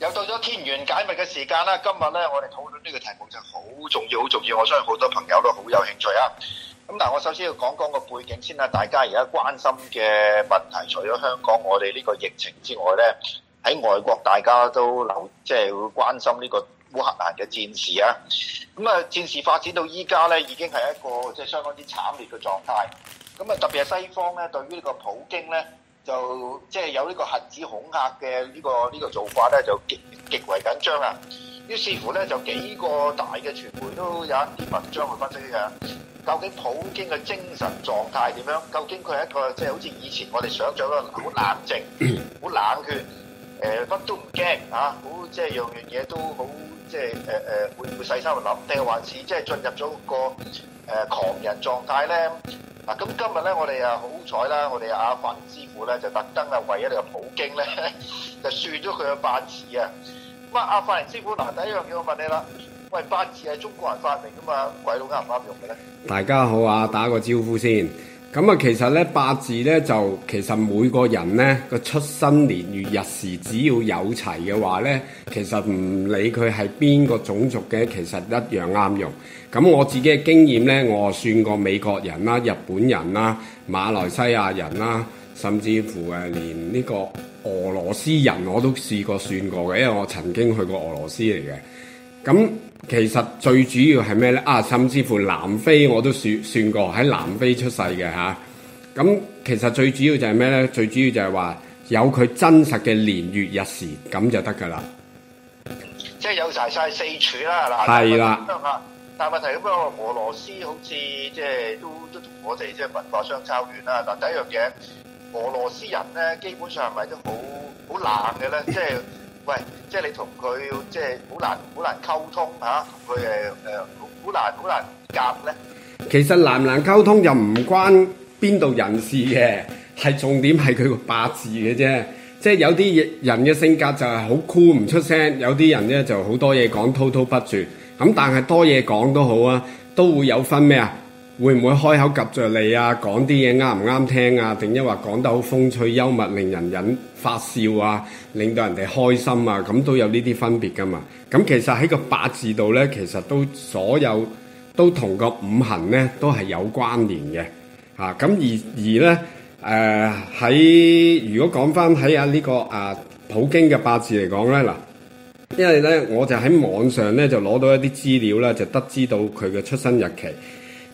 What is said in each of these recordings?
又到咗天玄解密嘅時間啦！今日咧，我哋討論呢個題目就好重要、好重要。我相信好多朋友都好有興趣啊！咁嗱，我首先要講講個背景先啦。大家而家關心嘅問題，除咗香港我哋呢個疫情之外咧，喺外國大家都留即係、就是、會關心呢個烏克蘭嘅戰事啊！咁啊，戰事發展到依家咧，已經係一個即係相當之慘烈嘅狀態。咁啊，特別係西方咧，對於呢個普京咧。就即係有呢個核子恐嚇嘅呢個呢、呢個做法咧，就極極為緊張啊！於是乎咧，就幾個大嘅傳媒都有一啲文章去分析嘅。究竟普京嘅精神狀態點樣？究竟佢係一個即係、就是、好似以前我哋想象嗰個好冷靜好冷血，誒、呃、乜都唔驚啊！好即係樣樣嘢都好。即係誒誒會唔會細心去諗，定係還是即係進入咗個誒、呃、狂人狀態咧？嗱、啊，咁今日咧我哋啊好彩啦，我哋阿范連師傅咧就特登啊為咗你個普京咧 就算咗佢嘅八字啊！咁啊，阿法寧師傅嗱，第一樣叫我問你啦，喂，八字係中國人發明噶嘛？鬼佬啱唔啱用嘅咧？大家好啊，打個招呼先。咁啊，其實咧八字咧就其實每個人咧個出生年月日時，只要有齊嘅話咧，其實唔理佢係邊個種族嘅，其實一樣啱用。咁我自己嘅經驗咧，我算過美國人啦、日本人啦、馬來西亞人啦，甚至乎誒連呢個俄羅斯人我都試過算過嘅，因為我曾經去過俄羅斯嚟嘅。咁其實最主要係咩咧？啊，甚至乎南非我都算算過喺南非出世嘅嚇。咁、啊啊、其實最主要就係咩咧？最主要就係話有佢真實嘅年月日時咁就得噶啦。即係有晒晒四處啦嗱。係啦。咁啊的，但係問題咁啊，俄羅斯好似即係都都同我哋即係文化相差遠啦。嗱，第一樣嘢，俄羅斯人咧基本上係咪都好好難嘅咧？即係。喂，即係你同佢即係好難好難溝通嚇，同佢誒誒好難好難夾咧。其實難唔難溝通又唔關邊度人事嘅，係重點係佢個八字嘅啫。即係有啲人嘅性格就係好酷，唔出聲，有啲人咧就好多嘢講，滔滔不絕。咁但係多嘢講都好啊，都會有分咩啊？會唔會開口夾着你啊？講啲嘢啱唔啱聽啊？定一話講得好風趣幽默，令人引發笑啊，令到人哋開心啊，咁都有呢啲分別噶嘛？咁其實喺個八字度呢，其實都所有都同個五行呢都係有關聯嘅嚇。咁、啊、而而咧誒喺如果講返喺啊呢個啊普京嘅八字嚟講呢，嗱，因為呢，我就喺網上呢就攞到一啲資料呢，就得知到佢嘅出生日期。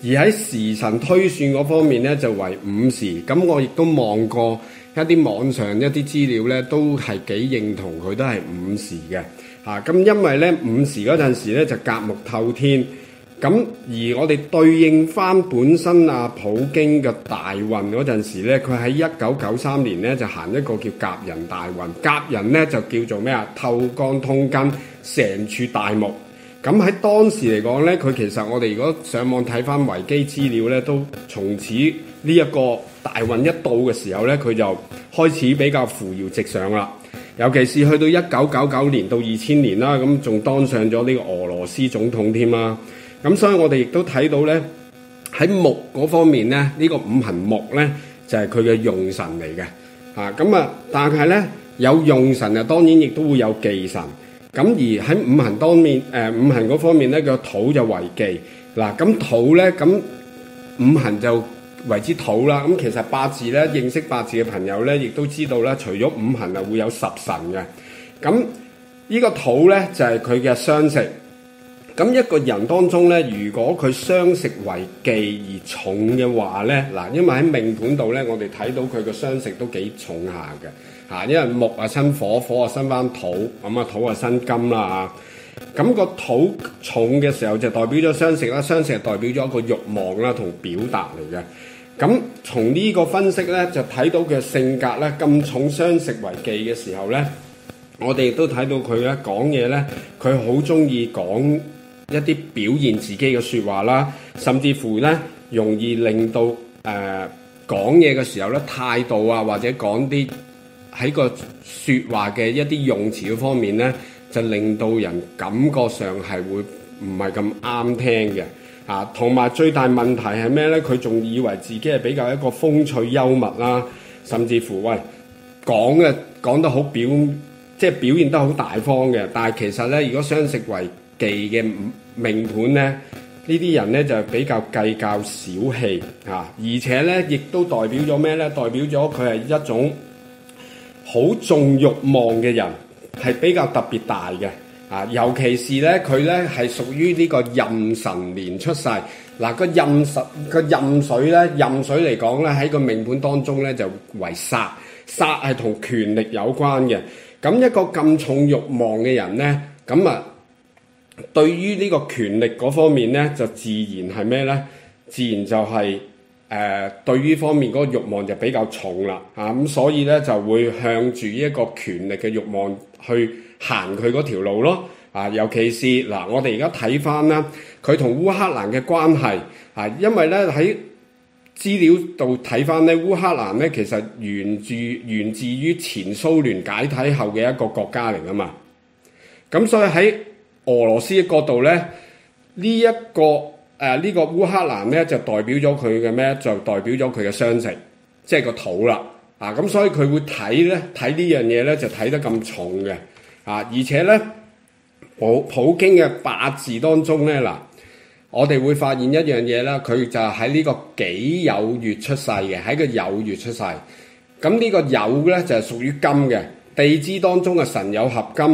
而喺時辰推算嗰方面咧，就為午時。咁我亦都望過一啲網上一啲資料咧，都係幾認同佢都係午時嘅。嚇、啊、咁，因為咧午時嗰陣時咧就甲木透天。咁而我哋對應翻本身阿、啊、普京嘅大運嗰陣時咧，佢喺一九九三年咧就行一個叫甲人大運。甲人咧就叫做咩啊？透干通根，成柱大木。咁喺當時嚟講呢，佢其實我哋如果上網睇返維基資料呢，都從此呢一個大運一到嘅時候呢，佢就開始比較扶搖直上啦。尤其是去到一九九九年到二千年啦，咁仲當上咗呢個俄羅斯總統添啦。咁所以我哋亦都睇到呢，喺木嗰方面呢，呢個五行木呢，就係佢嘅用神嚟嘅。啊，咁啊，但係呢有用神，又當然亦都會有忌神。咁而喺五行當面，誒、呃、五行嗰方面咧，個土就為忌。嗱、啊，咁土咧，咁五行就為之土啦。咁、啊、其實八字咧，認識八字嘅朋友咧，亦都知道咧，除咗五行啊，會有十神嘅。咁、啊這個、呢個土咧，就係佢嘅傷食。咁、啊、一個人當中咧，如果佢傷食為忌而重嘅話咧，嗱、啊，因為喺命盤度咧，我哋睇到佢嘅傷食都幾重下嘅。啊，因為木啊生火，火啊生翻土，咁啊土啊生金啦啊。咁個土重嘅時候就代表咗相食啦，相食代表咗一個欲望啦同表達嚟嘅。咁從呢個分析咧，就睇到佢嘅性格咧，咁重相食為忌嘅時候咧，我哋亦都睇到佢咧，講嘢咧，佢好中意講一啲表現自己嘅説話啦，甚至乎咧，容易令到誒、呃、講嘢嘅時候咧，態度啊或者講啲。喺個説話嘅一啲用詞方面呢，就令到人感覺上係會唔係咁啱聽嘅啊。同埋最大問題係咩呢？佢仲以為自己係比較一個風趣幽默啦，甚至乎喂講嘅講得好表即係表現得好大方嘅。但係其實呢，如果相食為忌嘅命盤呢，呢啲人呢就比較計較小氣啊，而且呢亦都代表咗咩呢？代表咗佢係一種。好重欲望嘅人係比較特別大嘅，啊，尤其是咧，佢咧係屬於呢個任神年壬辰年出世，嗱、啊，這個壬辰，這個壬水咧，壬水嚟講咧喺個命盤當中咧就為煞，煞係同權力有關嘅，咁一個咁重欲望嘅人咧，咁啊，對於呢個權力嗰方面咧，就自然係咩咧？自然就係、是。誒、呃、對於方面嗰、那個慾望就比較重啦，嚇、啊、咁所以咧就會向住呢一個權力嘅慾望去行佢嗰條路咯，啊尤其是嗱、啊，我哋而家睇翻啦，佢同烏克蘭嘅關係啊，因為咧喺資料度睇翻咧，烏克蘭咧其實源自源自於前蘇聯解體後嘅一個國家嚟噶嘛，咁所以喺俄羅斯嘅角度咧，呢、這、一個。誒，呢個烏克蘭咧就代表咗佢嘅咩？就代表咗佢嘅傷食，即係個土啦。啊，咁所以佢會睇咧，睇呢樣嘢咧就睇得咁重嘅。啊，而且咧普普京嘅八字當中咧嗱，我哋會發現一樣嘢啦，佢就喺呢個己酉月出世嘅，喺個酉月出世。咁呢個酉咧就係、是、屬於金嘅，地支當中嘅申酉合金。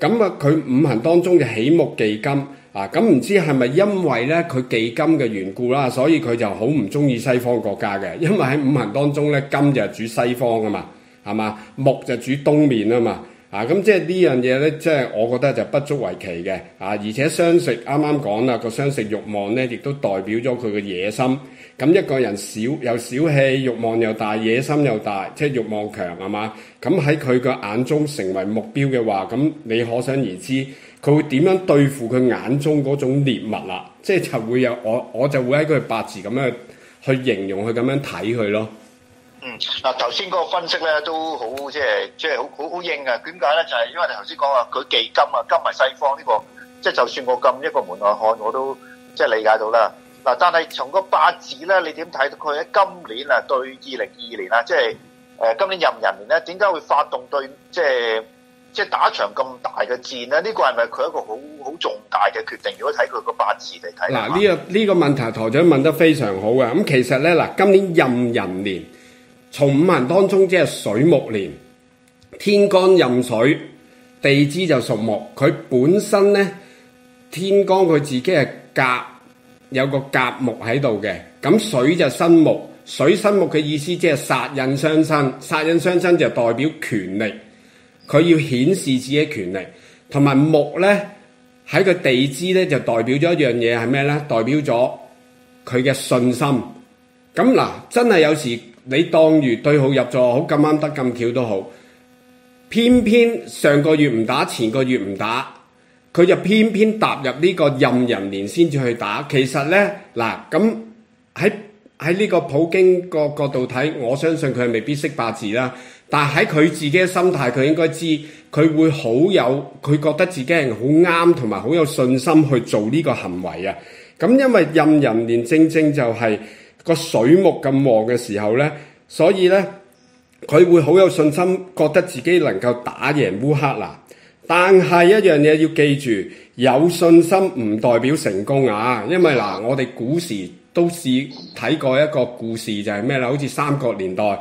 咁啊，佢五行當中嘅喜木忌金。啊，咁唔知係咪因為咧佢忌金嘅緣故啦，所以佢就好唔中意西方國家嘅，因為喺五行當中咧金就係主西方啊嘛，係嘛？木就主東面啊嘛。啊，咁即係呢樣嘢咧，即係我覺得就不足為奇嘅。啊，而且相食，啱啱講啦，個相食欲望咧，亦都代表咗佢嘅野心。咁一個人小又小氣，欲望又大，野心又大，即係欲望強係嘛？咁喺佢嘅眼中成為目標嘅話，咁你可想而知。佢會點樣對付佢眼中嗰種獵物啦、啊？即係就會有我，我就會喺佢八字咁樣去，去形容，去咁樣睇佢咯。嗯，嗱頭先嗰個分析咧都好，即係即係好好好英啊！點解咧？就係、是、因為你頭先講話佢忌金啊，金埋西方呢、這個，即、就、係、是、就算我撳一個門外漢，我都即係理解到啦。嗱、啊，但係從個八字咧，你點睇佢喺今年啊對二零二二年啊，即係誒今年壬寅年咧，點解會發動對即係？即係打場咁大嘅戰咧，呢個係咪佢一個好好重大嘅決定？如果睇佢個八字嚟睇，嗱呢個呢個問題台長問得非常好嘅。咁其實咧嗱，今年壬寅年，從五行當中即係水木年，天干壬水，地支就屬木。佢本身咧天干佢自己係甲，有個甲木喺度嘅。咁水就生木，水生木嘅意思即係殺印相生，殺印相生就代表權力。佢要顯示自己權力，同埋木咧喺個地支咧就代表咗一樣嘢係咩咧？代表咗佢嘅信心。咁嗱，真係有時你當住對號入座好，好咁啱得咁巧都好，偏偏上個月唔打，前個月唔打，佢就偏偏踏入呢個壬寅年先至去打。其實咧嗱，咁喺。喺呢個普京個角度睇，我相信佢未必識八字啦。但係喺佢自己嘅心態，佢應該知佢會好有，佢覺得自己係好啱同埋好有信心去做呢個行為啊。咁因為壬寅年正正就係個水木咁旺嘅時候呢，所以呢，佢會好有信心，覺得自己能夠打贏烏克蘭。但係一樣嘢要記住，有信心唔代表成功啊。因為嗱，我哋古時。都試睇過一個故事，就係咩啦？好似三國年代，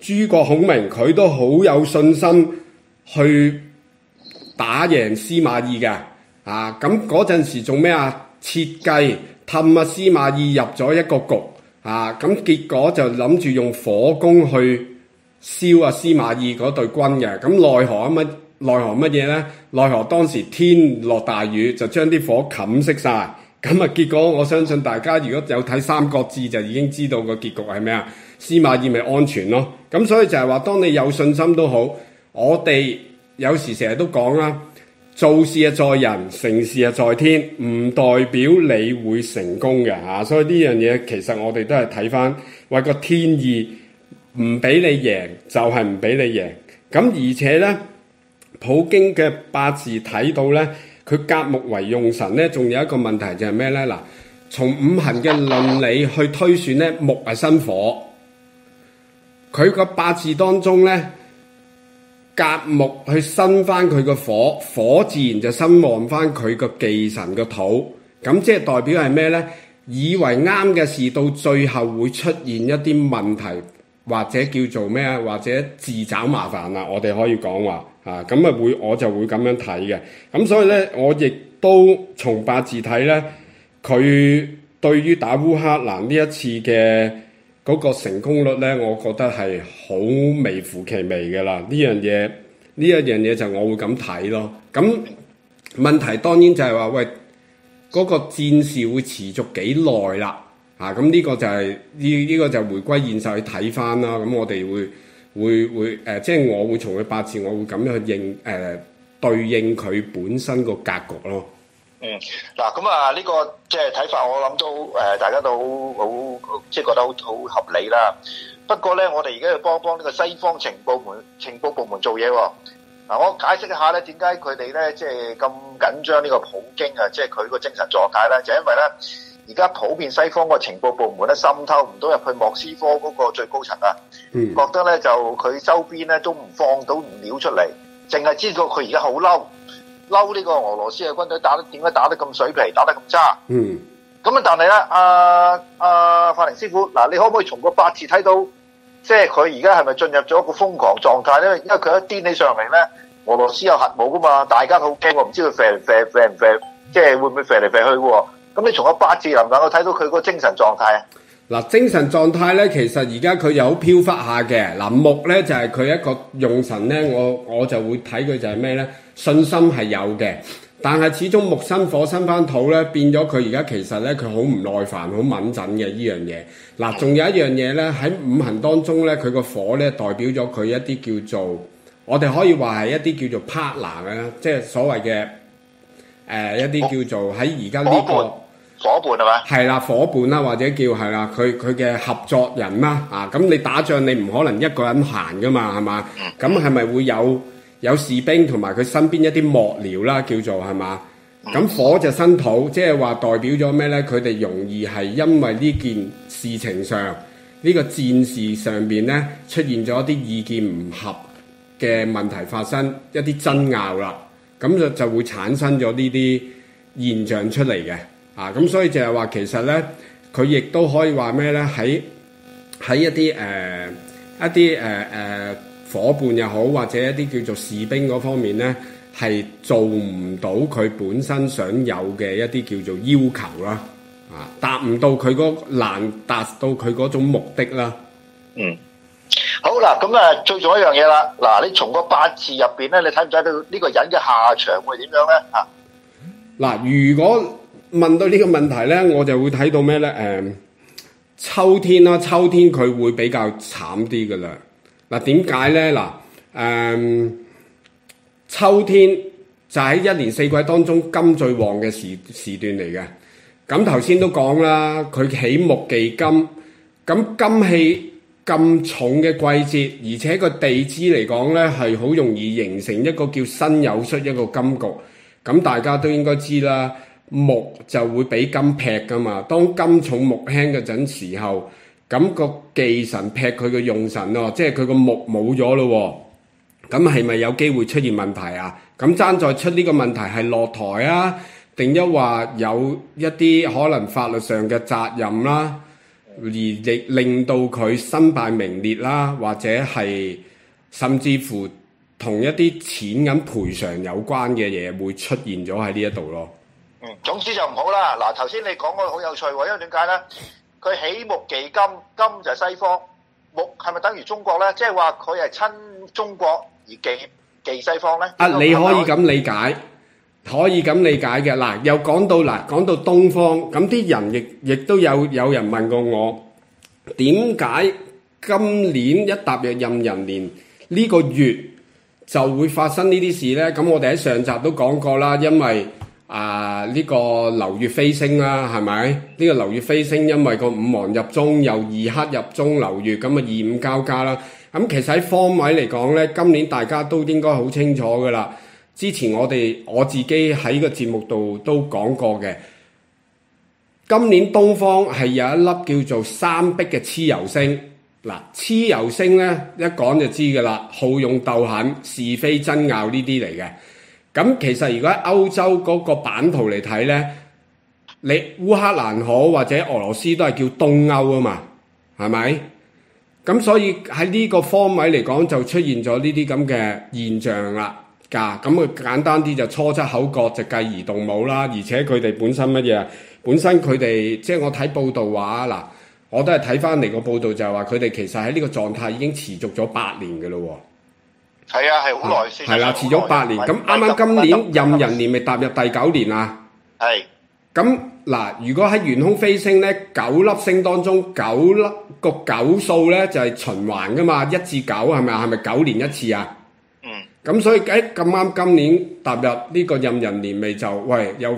諸葛孔明佢都好有信心去打贏司馬懿嘅。啊，咁嗰陣時做咩啊？設計氹啊司馬懿入咗一個局啊，咁結果就諗住用火攻去燒啊司馬懿嗰隊軍嘅。咁奈何乜奈何乜嘢咧？奈何當時天落大雨，就將啲火冚熄晒。咁啊！結果我相信大家如果有睇《三國志》，就已經知道個結局係咩啊？司馬懿咪安全咯。咁所以就係話，當你有信心都好。我哋有時成日都講啦，做事啊在人，成事啊在天，唔代表你會成功嘅㗎。所以呢樣嘢其實我哋都係睇返喎個天意，唔俾你贏就係唔俾你贏。咁、就是、而且咧，普京嘅八字睇到咧。佢甲木為用神咧，仲有一個問題就係咩咧？嗱，從五行嘅論理去推算咧，木係生火，佢個八字當中咧，甲木去生翻佢個火，火自然就生旺翻佢個忌神個土，咁即係代表係咩咧？以為啱嘅事到最後會出現一啲問題，或者叫做咩啊？或者自找麻煩啦？我哋可以講話。啊，咁啊會，我就會咁樣睇嘅。咁、啊、所以咧，我亦都從八字睇咧，佢對於打烏克蘭呢一次嘅嗰個成功率咧，我覺得係好微乎其微嘅啦。呢樣嘢，呢一樣嘢就我會咁睇咯。咁問題當然就係話，喂，嗰、那個戰事會持續幾耐啦？啊，咁、啊、呢、這個就係呢呢個就回歸現實去睇返啦。咁、啊啊啊嗯、我哋會。會會誒，即係我會從佢八字，我會咁樣去應誒對應佢本身個格局咯。嗯，嗱咁啊，呢個即係睇法，我諗都誒，大家都好好即係覺得好好合理啦。不過咧，我哋而家要幫幫呢個西方情報門情報部門做嘢喎。嗱，我解釋一下咧，點解佢哋咧即係咁緊張呢個普京啊，即係佢個精神狀態咧，就因為咧。而家普遍西方個情報部門咧，滲透唔到入去莫斯科嗰個最高層啊，嗯、覺得咧就佢周邊咧都唔放到唔料出嚟，淨係知道佢而家好嬲，嬲呢個俄羅斯嘅軍隊打得點解打得咁水皮，打得咁差。嗯，咁啊，但係咧，阿阿法寧師傅，嗱，你可唔可以從個八字睇到，即係佢而家係咪進入咗一個瘋狂狀態咧？因為佢一癲起上嚟咧，俄羅斯有核武噶嘛，大家好驚，我唔知佢射唔射，射唔射，即係會唔會射嚟射去喎？咁你從個八字能夠睇到佢個精神狀態啊！嗱，精神狀態咧，其實而家佢有飄忽下嘅。林、啊、木咧就係、是、佢一個用神咧，我我就會睇佢就係咩咧？信心係有嘅，但係始終木生火生翻土咧，變咗佢而家其實咧，佢好唔耐煩，好敏準嘅依樣嘢。嗱、啊，仲有一樣嘢咧，喺五行當中咧，佢個火咧代表咗佢一啲叫做，我哋可以話係一啲叫做 partner 啊，即係所謂嘅誒、呃、一啲叫做喺而家呢個伙伴係嘛？係啦，夥伴啦，或者叫係啦，佢佢嘅合作人啦，啊咁、嗯、你打仗你唔可能一個人行噶嘛，係嘛？咁係咪會有有士兵同埋佢身邊一啲幕僚啦，叫做係嘛？咁、嗯、火就生土，即係話代表咗咩呢？佢哋容易係因為呢件事情上呢、呢個戰事上邊呢，出現咗一啲意見唔合嘅問題，發生一啲爭拗啦，咁就就會產生咗呢啲現象出嚟嘅。啊，咁所以就係話其實咧，佢亦都可以話咩咧？喺喺一啲誒、呃、一啲誒誒夥伴又好，或者一啲叫做士兵嗰方面咧，係做唔到佢本身想有嘅一啲叫做要求啦，啊，達唔到佢嗰難達到佢嗰種目的啦。嗯，好嗱，咁啊，最重一樣嘢啦，嗱、啊，你從個八字入邊咧，你睇唔睇到呢個人嘅下場會點樣咧？啊，嗱、啊，如果問到呢個問題呢，我就會睇到咩呢？誒、嗯，秋天啦、啊，秋天佢會比較慘啲噶啦。嗱、啊，點解呢？嗱、啊，誒、嗯，秋天就喺一年四季當中金最旺嘅時時段嚟嘅。咁頭先都講啦，佢喜木忌金。咁、嗯、金氣咁重嘅季節，而且個地支嚟講呢，係好容易形成一個叫申酉戌一個金局。咁、嗯、大家都應該知啦。木就會俾金劈噶嘛？當金重木輕嗰陣時候，咁個忌神劈佢嘅用神咯、啊，即係佢個木冇咗咯。咁係咪有機會出現問題啊？咁爭在出呢個問題係落台啊，定一話有一啲可能法律上嘅責任啦、啊，而亦令到佢身敗名裂啦、啊，或者係甚至乎同一啲錢銀賠償有關嘅嘢會出現咗喺呢一度咯。總之就唔好啦。嗱，頭先你講個好有趣喎，因為點解咧？佢喜木忌金，金就係西方，木係咪等於中國咧？即係話佢係親中國而忌忌西方咧？啊，你可以咁理解，可以咁理解嘅。嗱，又講到嗱，講到東方，咁啲人亦亦都有有人問過我，點解今年一踏入壬寅年呢個月就會發生呢啲事咧？咁我哋喺上集都講過啦，因為，啊！呢、這個流月飛星啦，係咪？呢、這個流月飛星，因為個五黃入中，又二黑入中流月，咁啊二五交加啦。咁、嗯、其實喺方位嚟講呢，今年大家都應該好清楚噶啦。之前我哋我自己喺個節目度都講過嘅，今年東方係有一粒叫做三碧嘅黐油星。嗱，黐油星呢，一講就知噶啦，好勇鬥狠、是非爭拗呢啲嚟嘅。咁其實如果喺歐洲嗰個版圖嚟睇咧，你烏克蘭好或者俄羅斯都係叫東歐啊嘛，係咪？咁所以喺呢個方位嚟講，就出現咗呢啲咁嘅現象啦。噶咁啊簡單啲就初七口角就繼而動武啦，而且佢哋本身乜嘢？本身佢哋即係我睇報道話嗱，我都係睇翻嚟個報道就係話佢哋其實喺呢個狀態已經持續咗八年嘅咯。係啊，係好耐先係啦，遲咗八年。咁啱啱今年任人年咪踏入第九年啊？係。咁嗱，如果喺玄空飛星咧，九粒星當中九粒個九數咧就係循環噶嘛，一至九係咪？係咪九年一次啊？嗯。咁所以誒咁啱今年踏入呢個任人年咪就喂又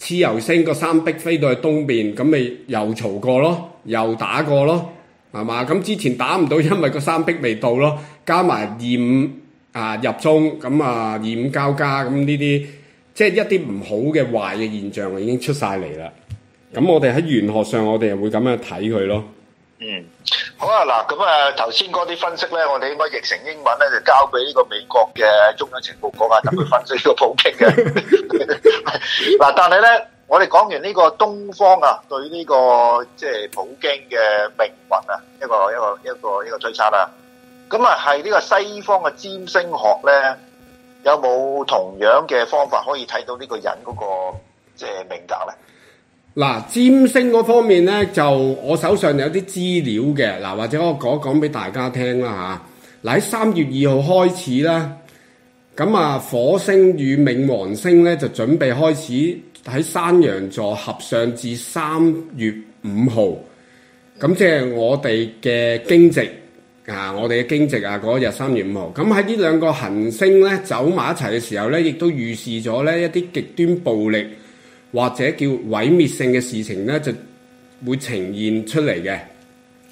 黐又星個三碧飛到去東邊，咁咪又嘈過咯，又打過咯，係嘛？咁之前打唔到，因為個三碧未到咯，加埋二五。啊！入中咁啊，二五交加咁呢啲，即係一啲唔好嘅壞嘅現象已經出晒嚟啦。咁我哋喺玄學上，我哋會咁樣睇佢咯。嗯，好啊，嗱，咁啊，頭先嗰啲分析咧，我哋應該譯成英文咧，就交俾呢個美國嘅中央情報局啊，等佢分析呢個普京嘅。嗱，但係咧，我哋講完呢個東方啊，對呢個即係普京嘅命運啊，一個一個一個一個追查啦。咁啊，係呢個西方嘅占星學呢，有冇同樣嘅方法可以睇到呢個人嗰個即係命格呢？嗱，占星嗰方面呢，就我手上有啲資料嘅，嗱，或者我講一講俾大家聽啦吓，嗱，喺三月二號開始咧，咁啊，火星與冥王星呢，就準備開始喺山羊座合上至三月五號，咁即係我哋嘅經濟。啊！我哋嘅經濟啊，嗰、那個、日三月五號咁喺呢兩個行星咧走埋一齊嘅時候咧，亦都預示咗咧一啲極端暴力或者叫毀滅性嘅事情咧，就會呈現出嚟嘅。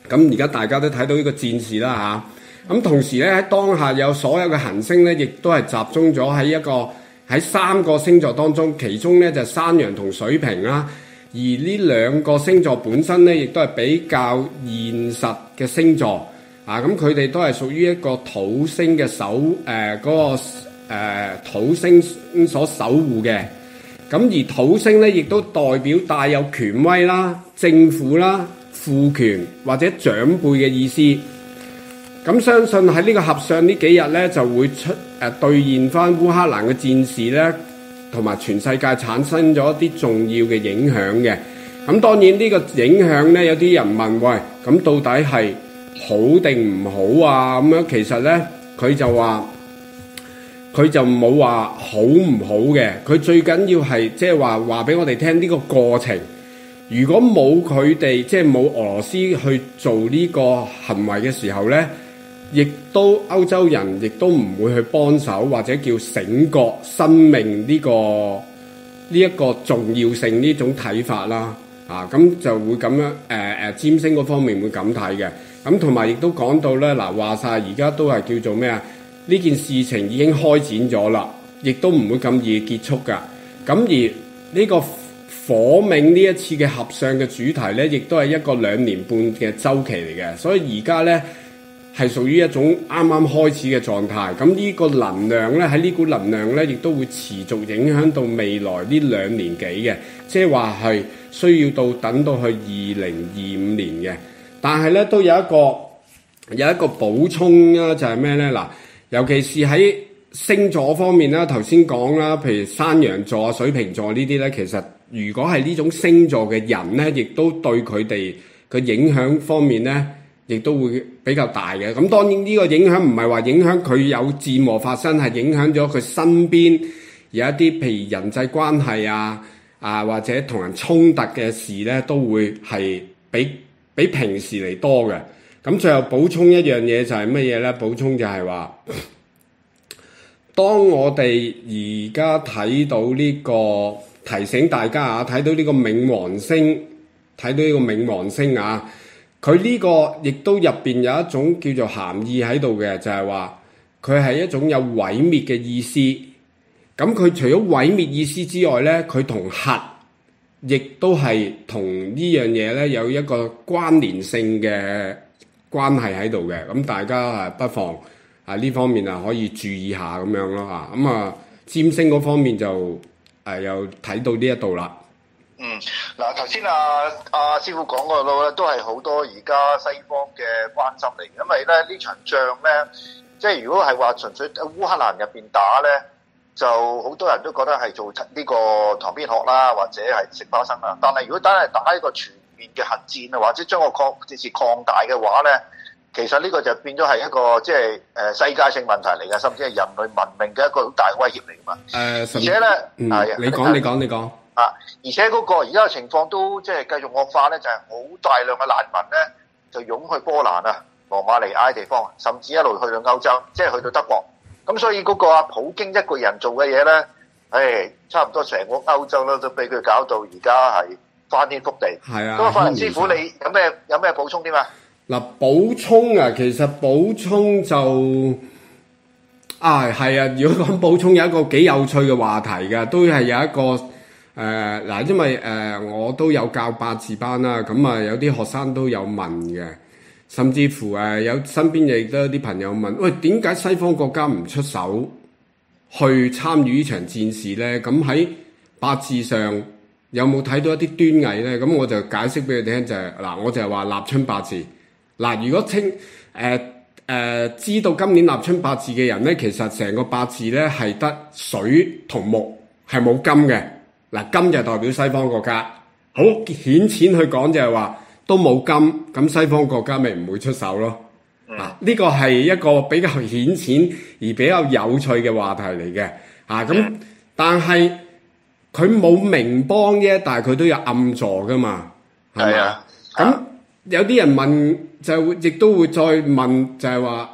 咁而家大家都睇到呢個戰事啦吓。咁同時咧喺當下有所有嘅行星咧，亦都係集中咗喺一個喺三個星座當中，其中咧就是、山羊同水瓶啦。而呢兩個星座本身咧，亦都係比較現實嘅星座。啊！咁佢哋都係屬於一個土星嘅守誒嗰、呃嗰個、呃、土星所守護嘅。咁而土星咧，亦都代表帶有權威啦、政府啦、父權或者長輩嘅意思。咁、嗯、相信喺呢個合上幾呢幾日咧，就會出誒兌、呃、現翻烏克蘭嘅戰事咧，同埋全世界產生咗一啲重要嘅影響嘅。咁、嗯、當然呢個影響咧，有啲人問：喂，咁、嗯、到底係？好定唔好啊？咁樣其實呢，佢就話佢就冇話好唔好嘅。佢最緊要係即係話話俾我哋聽呢個過程。如果冇佢哋即係冇俄羅斯去做呢個行為嘅時候呢，亦都歐洲人亦都唔會去幫手或者叫醒覺，生命呢個呢一個重要性呢種睇法啦。啊，咁就會咁樣誒誒，占星嗰方面會咁睇嘅。咁同埋亦都講到呢，嗱話晒而家都係叫做咩啊？呢件事情已經開展咗啦，亦都唔會咁易結束噶。咁、嗯、而呢個火冥呢一次嘅合相嘅主題呢，亦都係一個兩年半嘅周期嚟嘅。所以而家呢，係屬於一種啱啱開始嘅狀態。咁、嗯、呢、這個能量呢，喺呢股能量呢，亦都會持續影響到未來呢兩年幾嘅，即係話係需要到等到去二零二五年嘅。但係咧，都有一個有一個補充啦、啊，就係咩咧？嗱，尤其是喺星座方面啦，頭先講啦，譬如山羊座、水瓶座呢啲咧，其實如果係呢種星座嘅人咧，亦都對佢哋嘅影響方面咧，亦都會比較大嘅。咁當然呢個影響唔係話影響佢有戰禍發生，係影響咗佢身邊有一啲譬如人際關係啊啊或者同人衝突嘅事咧，都會係俾。比平時嚟多嘅，咁最後補充一樣嘢就係乜嘢咧？補充就係話，當我哋而家睇到呢個提醒大家啊，睇到呢個冥王星，睇到呢個冥王星啊，佢呢個亦都入邊有一種叫做含義喺度嘅，就係話佢係一種有毀滅嘅意思。咁佢除咗毀滅意思之外咧，佢同核。亦都係同呢樣嘢咧有一個關聯性嘅關係喺度嘅，咁大家啊不妨啊呢方面啊可以注意下咁樣咯嚇，咁啊占星嗰方面就誒、啊、又睇到呢一度啦。嗯，嗱頭先啊啊、啊師傅講嗰度咧，都係好多而家西方嘅關心嚟嘅，因為咧呢場仗咧，即係如果係話純粹喺烏克蘭入邊打咧。就好多人都覺得係做呢個塘邊鶴啦，或者係食花生啦。但係如果單係打一個全面嘅核戰啊，或者將個擴戰事擴大嘅話咧，其實呢個就變咗係一個即係誒、呃、世界性問題嚟㗎，甚至係人類文明嘅一個好大嘅威脅嚟㗎。誒、呃，而且咧，係你講，你講，你講啊！而且嗰個而家嘅情況都即係繼續惡化咧，就係、是、好大量嘅難民咧就湧去波蘭啊、羅馬尼亞地方，甚至一路去到歐洲，即係去到德國。Mm 咁所以嗰個阿普京一個人做嘅嘢咧，誒、哎，差唔多成個歐洲啦，都俾佢搞到而家係翻天覆地。係啊，咁啊，法寧師傅，你有咩、嗯、有咩補充啲嘛？嗱、啊，補充啊，其實補充就，啊，係啊，如果講補充有一個幾有趣嘅話題嘅，都係有一個誒嗱、呃，因為誒、呃、我都有教八字班啦，咁啊有啲學生都有問嘅。甚至乎誒有身邊亦都有啲朋友問：喂，點解西方國家唔出手去參與呢場戰事呢？咁喺八字上有冇睇到一啲端倪呢？」咁我就解釋俾佢聽，就係、是、嗱，我就係話立春八字嗱，如果清誒誒、呃呃、知道今年立春八字嘅人呢，其實成個八字呢係得水同木，係冇金嘅嗱，金就代表西方國家，好顯淺去講就係話，都冇金，咁西方國家咪唔會出手咯？啊，呢個係一個比較顯淺而比較有趣嘅話題嚟嘅。啊，咁但係佢冇明幫啫，但係佢都有暗助㗎嘛。係的啊，咁有啲人問就係會，亦都會再問就係、是、話：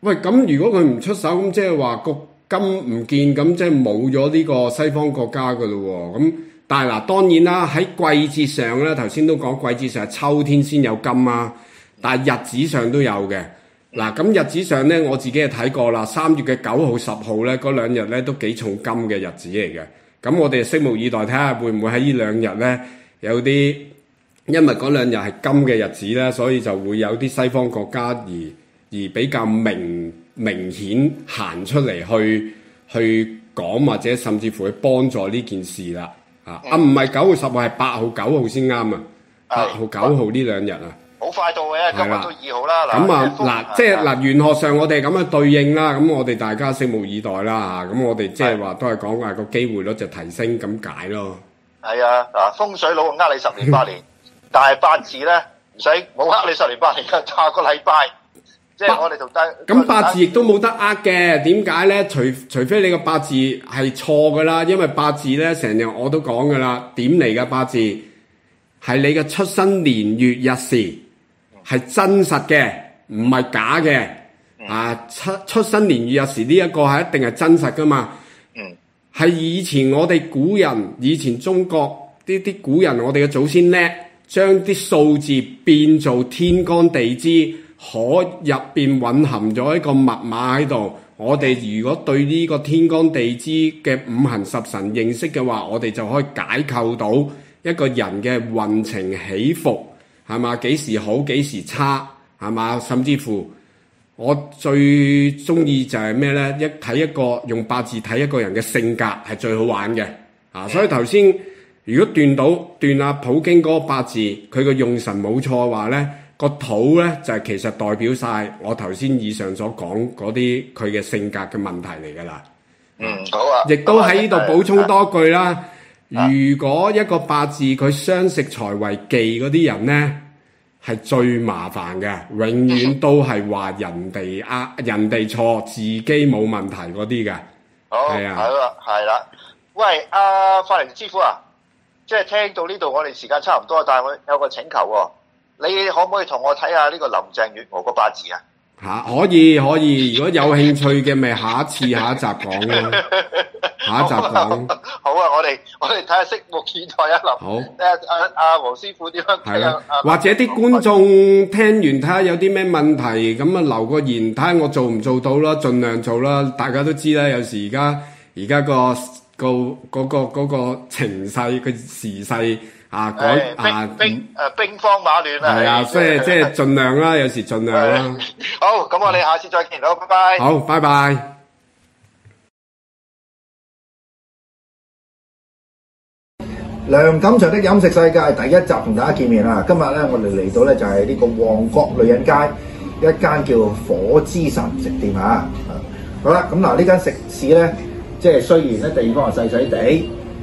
喂，咁、嗯、如果佢唔出手，咁、嗯、即係話個金唔見，咁、嗯、即係冇咗呢個西方國家㗎咯喎？咁、嗯但係嗱，當然啦，喺季節上咧，頭先都講季節上係秋天先有金啊。但係日子上都有嘅嗱。咁日子上咧，我自己係睇過啦。三月嘅九號、十號咧，嗰兩日咧都幾重金嘅日子嚟嘅。咁我哋拭目以待，睇下會唔會喺呢兩日咧有啲，因為嗰兩日係金嘅日子咧，所以就會有啲西方國家而而比較明明顯行出嚟去去講，或者甚至乎去幫助呢件事啦。啊！唔係九號十號，係八號九號先啱啊！八號九號呢兩日啊，好快到嘅，今日都二號啦。咁啊嗱，即係嗱，玄、啊、學上我哋咁樣對應啦。咁我哋大家拭目以待啦嚇。咁我哋即係話、啊、都係講話個、啊、機會率就提升咁解咯。係啊，啊風水佬呃你十年八年， 但係八字咧唔使冇呃你十年八年嘅下個禮拜。我哋就得咁八字亦都冇得呃嘅，點解呢？除除非你個八字係錯㗎喇，因為八字呢成日我都講㗎喇，點嚟嘅八字係你嘅出生年月日時，係真實嘅，唔係假嘅。嗯、啊，出出生年月日時呢一個係一定係真實㗎嘛？嗯，係以前我哋古人，以前中國啲啲古人，我哋嘅祖先叻，將啲數字變做天干地支。可入邊隱含咗一個密碼喺度，我哋如果對呢個天干地支嘅五行十神認識嘅話，我哋就可以解構到一個人嘅運程起伏，係嘛？幾時好，幾時差，係嘛？甚至乎我最中意就係咩呢？一睇一個用八字睇一個人嘅性格係最好玩嘅啊！所以頭先如果斷到斷阿普京嗰個八字，佢嘅用神冇錯嘅話呢。個土咧就係、是、其實代表晒我頭先以上所講嗰啲佢嘅性格嘅問題嚟噶啦。嗯，好啊。亦都喺呢度補充多句啦。嗯、如果一個八字佢傷食財為忌嗰啲人咧，係最麻煩嘅，永遠都係話人哋呃、嗯啊、人哋錯，自己冇問題嗰啲嘅。好，好啦、啊，係啦。喂，阿法寧師傅啊，即係聽到呢度，我哋時間差唔多，但係我有個請求。你可唔可以同我睇下呢個林鄭月娥個八字啊？嚇，可以可以。如果有興趣嘅，咪 下一次下一集講咯。下一集講。好啊，我哋我哋睇下拭目以待啊林。好、啊。睇下阿阿黃師傅點樣睇、啊啊啊、或者啲觀眾聽完睇下有啲咩問題，咁啊留個言睇下我做唔做到啦，盡量做啦。大家都知啦、啊，有時而家而家個、嗰個嗰、嗰個、嗰個情勢嘅時勢。啊，改啊，兵，誒，兵荒馬亂啊，係啊，即係即係盡量啦，有時盡量啦。好，咁我哋下次再見啦，拜拜。好，拜拜。梁錦祥的飲食世界第一集同大家見面啦，今日咧我哋嚟到咧就係呢個旺角女人街一間叫火之神食店啊，好啦，咁嗱呢間食肆咧，即係雖然咧地方係細細地。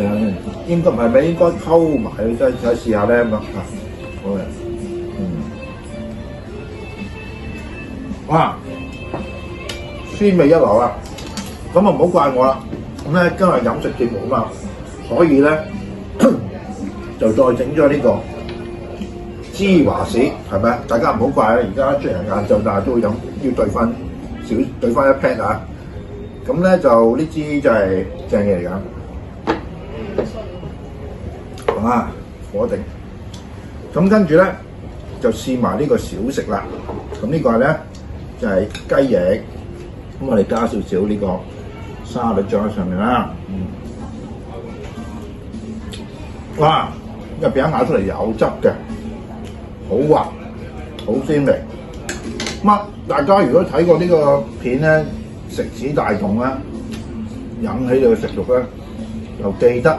應該唔係咩，應該溝埋，再係試下咧嘛嚇，好啊，嗯，哇，酸味一流啊，咁啊唔好怪我啦，咁咧今日飲食節目啊嘛，所以咧 就再整咗呢個芝華士，係咪啊？大家唔好怪啊！而家雖然晏晝，但係都要飲，要兌翻少，兌翻一 pat 啊，咁咧就呢支就係正嘢嚟㗎。啊！火定咁跟住咧就試埋呢個小食啦。咁、這個、呢個咧就係、是、雞翼咁，我哋加少少呢個沙律醬喺上面啦、嗯。哇！入邊咬出嚟有汁嘅，好滑，好鮮味。咁大家如果睇過呢個片咧，食指大動啦，引起你嘅食欲咧，就記得。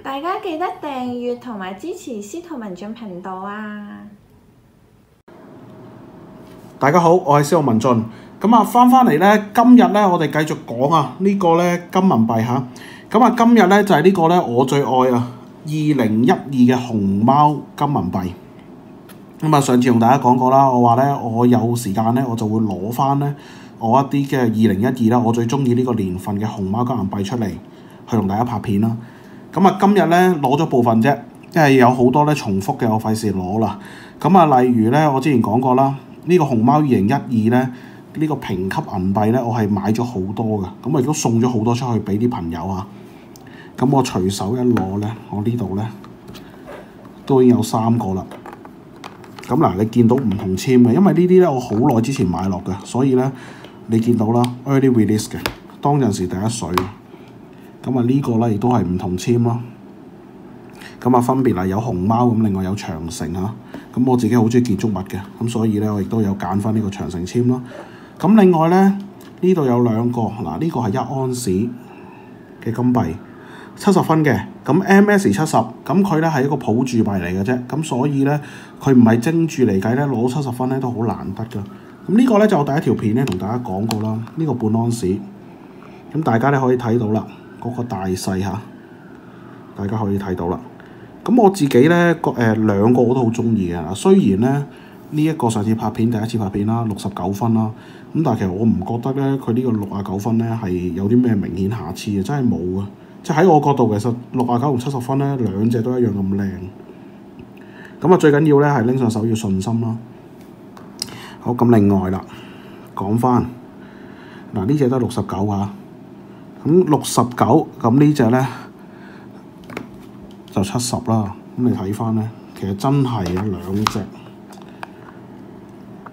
大家記得訂閱同埋支持司徒文進頻道啊！大家好，我係司徒文進咁啊，翻翻嚟咧。今日咧，我哋繼續講啊呢個咧，金銀幣吓咁啊。今日咧就係呢個咧，我最愛啊二零一二嘅熊貓金銀幣咁啊。上次同大家講過啦，我話咧，我有時間咧，我就會攞翻咧我一啲嘅二零一二啦，我最中意呢個年份嘅熊貓金銀幣出嚟去同大家拍片啦。咁啊，今日咧攞咗部分啫，即係有好多咧重複嘅，我費事攞啦。咁啊，例如咧，我之前講過啦，呢個熊貓二零一二咧，呢個評級銀幣咧，我係買咗好多嘅。咁啊，亦都送咗好多出去俾啲朋友啊，咁我隨手一攞咧，我呢度咧都已經有三個啦。咁嗱，你見到唔同簽嘅，因為呢啲咧我好耐之前買落嘅，所以咧你見到啦，early release 嘅，當陣時第一水。咁啊，呢個咧亦都係唔同簽咯。咁啊，分別啊有熊貓咁，另外有長城啊。咁我自己好中意建築物嘅，咁所以咧我亦都有揀翻呢個長城簽咯。咁另外咧，呢度有兩個，嗱，呢個係一安士嘅金幣，七十分嘅。咁 MS 七十，咁佢咧係一個普鑄幣嚟嘅啫。咁所以咧，佢唔係精鑄嚟計咧，攞七十分咧都好難得㗎。咁呢個咧就我第一條片咧同大家講過啦。呢個半安士，咁大家咧可以睇到啦。嗰個大細嚇，大家可以睇到啦。咁我自己咧，個誒兩個我都好中意嘅。嗱，雖然咧呢一個上次拍片，第一次拍片啦，六十九分啦。咁但係其實我唔覺得咧，佢呢個六啊九分咧係有啲咩明顯瑕疵嘅，真係冇嘅。即係喺我角度其實六啊九同七十分咧，兩隻都一樣咁靚。咁啊，最緊要咧係拎上手要信心啦。好，咁另外啦，講翻嗱，呢隻都六十九嚇。咁六十九，咁呢隻呢，就七十啦。咁你睇翻呢，其實真係有兩隻，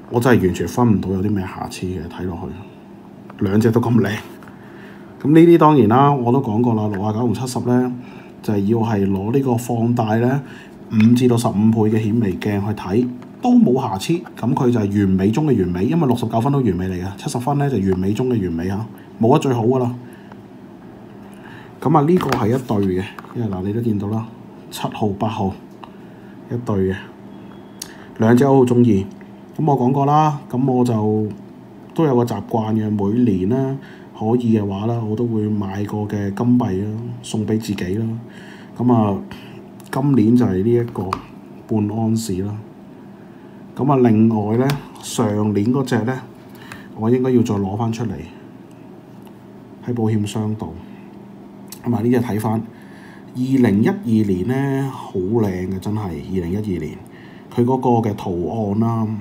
我真係完全分唔到有啲咩瑕疵嘅。睇落去兩隻都咁靚，咁呢啲當然啦，我都講過啦，六啊九同七十呢，就係、是、要係攞呢個放大呢，五至到十五倍嘅顯微鏡去睇，都冇瑕疵。咁佢就係完美中嘅完美，因為六十九分都完美嚟嘅。七十分呢，就是、完美中嘅完美嚇，冇得最好噶啦。咁啊，呢個係一對嘅，因為嗱，你都見到啦，七號八號一對嘅兩隻，我都好中意。咁我講過啦，咁我就都有個習慣嘅，每年咧可以嘅話咧，我都會買過嘅金幣咯，送俾自己啦。咁啊，今年就係呢一個半安士啦。咁啊，另外咧，上年嗰隻咧，我應該要再攞翻出嚟喺保險箱度。同埋呢隻睇返，二零一二年呢，好靚嘅真係，二零一二年佢嗰個嘅圖案啦、啊，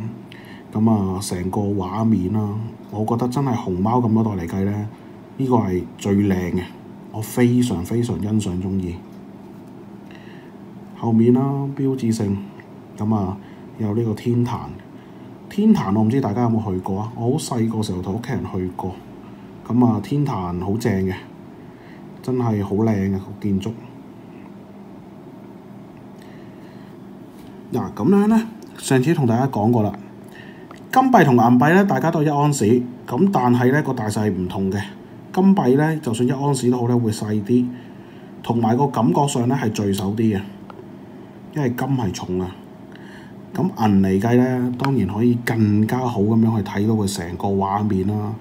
咁啊成個畫面啦、啊，我覺得真係熊貓咁多代嚟計呢，呢、呢個係最靚嘅，我非常非常欣賞鍾意。後面啦、啊、標誌性，咁啊有呢個天壇，天壇我唔知大家有冇去過啊，我好細個時候同屋企人去過，咁啊天壇好正嘅。真係好靚嘅個建築。嗱，咁樣咧，上次同大家講過啦，金幣同銀幣咧，大家都係一盎司，咁但係咧，個大細唔同嘅。金幣咧，就算一盎司都好咧，會細啲，同埋個感覺上咧係聚手啲嘅，因為金係重啊。咁銀嚟計咧，當然可以更加好咁樣去睇到佢成個畫面啦。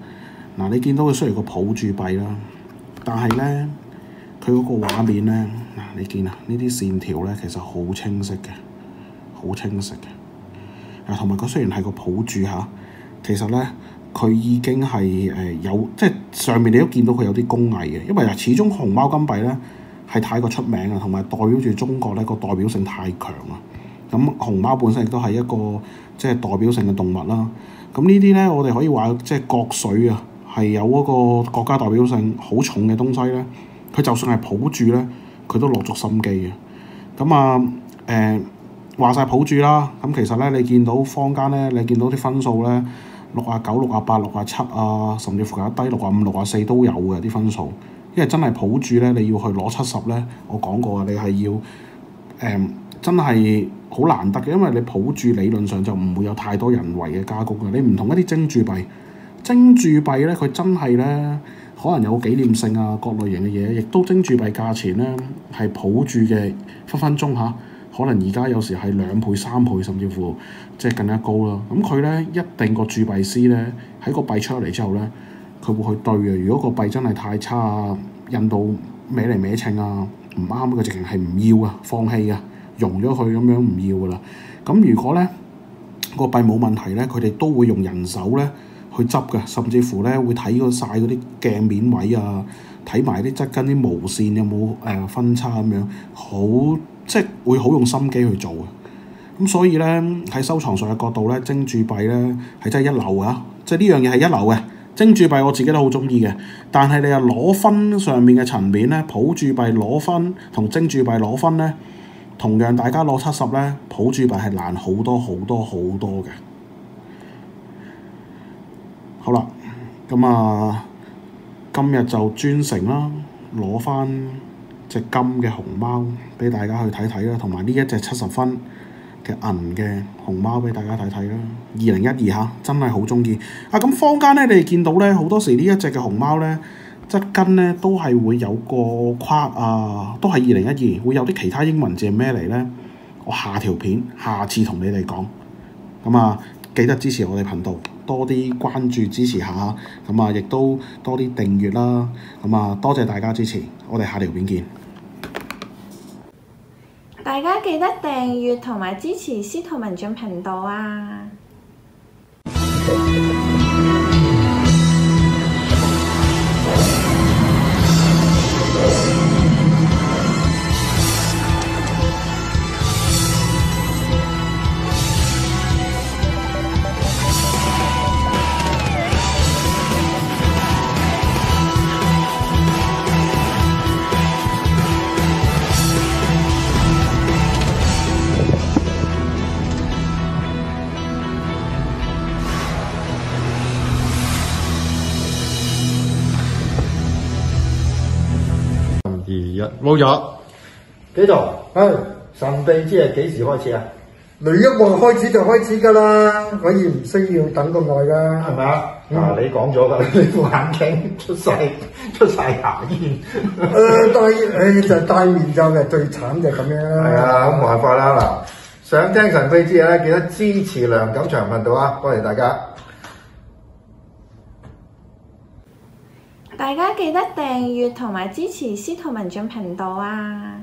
嗱，你見到佢雖然個抱住幣啦。但係咧，佢嗰個畫面咧，嗱你見啊，呢啲線條咧，其實好清晰嘅，好清晰嘅。啊，同埋佢雖然係個抱住嚇，其實咧佢已經係誒有，即係上面你都見到佢有啲工藝嘅。因為啊，始終熊貓金幣咧係太過出名啊，同埋代表住中國咧，個代表性太強啊。咁熊貓本身亦都係一個即係代表性嘅動物啦。咁呢啲咧，我哋可以話即係國粹啊。係有嗰個國家代表性好重嘅東西咧，佢就算係抱住咧，佢都落足心機嘅。咁啊，誒話晒抱住啦。咁其實咧，你見到坊間咧，你見到啲分數咧，六啊九、六啊八、六啊七啊，甚至乎有低六啊五、六啊四都有嘅啲分數。因為真係抱住咧，你要去攞七十咧，我講過嘅，你係要誒、呃、真係好難得嘅，因為你抱住理論上就唔會有太多人為嘅加工嘅。你唔同一啲精鑄幣。精鑄幣咧，佢真係咧，可能有紀念性啊，各類型嘅嘢，亦都精鑄幣價錢咧係抱住嘅分分鐘嚇、啊。可能而家有時係兩倍、三倍，甚至乎即係更加高啦。咁佢咧，一定個鑄幣師咧喺個幣出嚟之後咧，佢會去對啊。如果個幣真係太差啊，印到歪嚟歪稱啊，唔啱嘅，直情係唔要啊，放棄啊，融咗佢咁樣唔要噶啦。咁、嗯、如果咧個幣冇問題咧，佢哋都會用人手咧。去執嘅，甚至乎咧會睇嗰曬嗰啲鏡面位啊，睇埋啲側跟啲毛線有冇誒、呃、分叉咁樣，好即係會好用心機去做嘅。咁所以咧喺收藏上嘅角度咧，精鑄幣咧係真係一流啊！即係呢樣嘢係一流嘅。精鑄幣我自己都好中意嘅。但係你又攞分上面嘅層面咧，普鑄幣攞分同精鑄幣攞分咧，同樣大家攞七十咧，普鑄幣係難好多好多好多嘅。好啦，咁、嗯、啊，今日就專程啦，攞翻隻金嘅熊貓俾大家去睇睇啦，同埋呢一隻七十分嘅銀嘅熊貓俾大家睇睇啦。二零一二嚇，真係好中意啊！咁坊間咧，你哋見到咧，好多時呢一隻嘅熊貓咧，質根咧都係會有個框啊，都係二零一二，會有啲其他英文字係咩嚟咧？我下條片下次同你哋講。咁、嗯、啊，記得支持我哋頻道。多啲關注支持下，咁啊亦都多啲訂閱啦，咁啊多謝大家支持，我哋下條片見。大家記得訂閱同埋支持司徒文進頻道啊！冇有幾多度？哎、神秘之夜幾時開始啊？雷一望開始就開始噶啦，可以唔需要等咁耐噶，係咪、嗯啊、你講咗噶，呢副眼鏡出晒出晒牙煙，誒、 呃，戴、哎、就戴、是、面罩嘅最慘就咁樣啦。係啊，冇辦法啦嗱，想聽神秘之夜咧，記得支持梁錦祥頻道啊，多謝大家。大家記得訂閱同埋支持司徒文進頻道啊！